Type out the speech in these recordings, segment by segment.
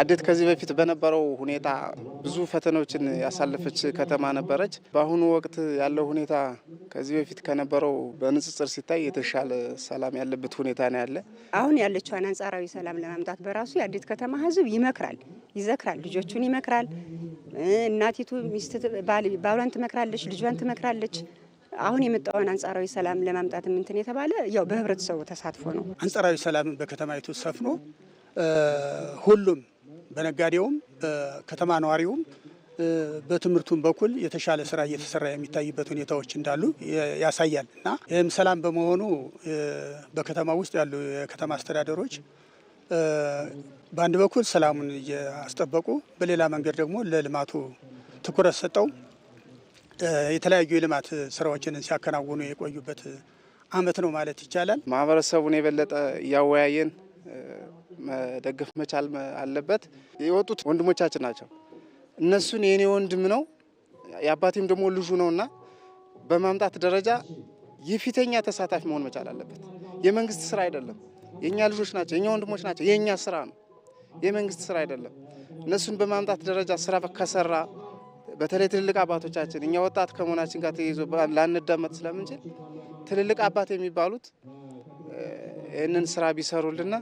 አዴት ከዚህ በፊት በነበረው ሁኔታ ብዙ ፈተናዎችን ያሳለፈች ከተማ ነበረች። በአሁኑ ወቅት ያለው ሁኔታ ከዚህ በፊት ከነበረው በንጽጽር ሲታይ የተሻለ ሰላም ያለበት ሁኔታ ነው ያለ። አሁን ያለችዋን አንጻራዊ ሰላም ለማምጣት በራሱ የአዴት ከተማ ህዝብ ይመክራል፣ ይዘክራል፣ ልጆቹን ይመክራል። እናቲቱ ባሏን ትመክራለች፣ ልጇን ትመክራለች። አሁን የመጣውን አንጻራዊ ሰላም ለማምጣት ምንትን የተባለ ያው በህብረተሰቡ ተሳትፎ ነው። አንጻራዊ ሰላም በከተማይቱ ሰፍኖ ሁሉም በነጋዴውም በከተማ ነዋሪውም በትምህርቱም በኩል የተሻለ ስራ እየተሰራ የሚታይበት ሁኔታዎች እንዳሉ ያሳያል እና ይህም ሰላም በመሆኑ በከተማ ውስጥ ያሉ የከተማ አስተዳደሮች በአንድ በኩል ሰላሙን እያስጠበቁ፣ በሌላ መንገድ ደግሞ ለልማቱ ትኩረት ሰጠው የተለያዩ የልማት ስራዎችን ሲያከናውኑ የቆዩበት አመት ነው ማለት ይቻላል። ማህበረሰቡን የበለጠ እያወያየን መደገፍ መቻል አለበት። የወጡት ወንድሞቻችን ናቸው። እነሱን የእኔ ወንድም ነው የአባቴም ደግሞ ልጁ ነውና በማምጣት ደረጃ የፊተኛ ተሳታፊ መሆን መቻል አለበት። የመንግስት ስራ አይደለም። የእኛ ልጆች ናቸው፣ የእኛ ወንድሞች ናቸው። የእኛ ስራ ነው፣ የመንግስት ስራ አይደለም። እነሱን በማምጣት ደረጃ ስራ ከሰራ በተለይ ትልልቅ አባቶቻችን እኛ ወጣት ከመሆናችን ጋር ተይዞ ላንዳመጥ ስለምንችል ትልልቅ አባት የሚባሉት ይህንን ስራ ቢሰሩልና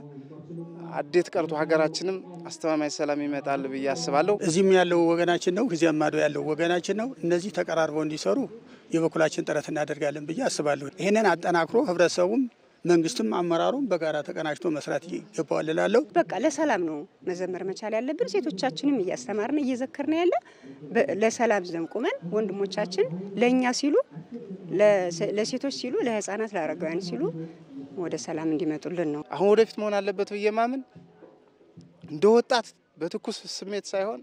አዴት ቀርቶ ሀገራችንም አስተማማኝ ሰላም ይመጣል ብዬ አስባለሁ። እዚህም ያለው ወገናችን ነው፣ ከዚያም ማዶ ያለው ወገናችን ነው። እነዚህ ተቀራርበው እንዲሰሩ የበኩላችን ጥረት እናደርጋለን ብዬ አስባለሁ። ይህንን አጠናክሮ ህብረተሰቡም መንግስትም አመራሩም በጋራ ተቀናጅቶ መስራት ይገባዋል እላለሁ። በቃ ለሰላም ነው መዘመር መቻል ያለብን። ሴቶቻችንም እያስተማርን እየዘከርን ያለ ለሰላም ዘንቁመን ወንድሞቻችን ለእኛ ሲሉ ለሴቶች ሲሉ ለህፃናት፣ ለአረጋውያን ሲሉ ወደ ሰላም እንዲመጡልን ነው። አሁን ወደፊት መሆን አለበት ብዬ ማምን እንደ ወጣት በትኩስ ስሜት ሳይሆን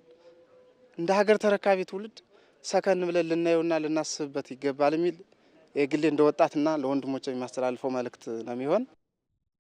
እንደ ሀገር ተረካቢ ትውልድ ሰከን ብለን ልናየውና ልናስብበት ይገባል የሚል የግሌ እንደ ወጣትና ለወንድሞች የሚያስተላልፈው መልእክት ነው የሚሆን።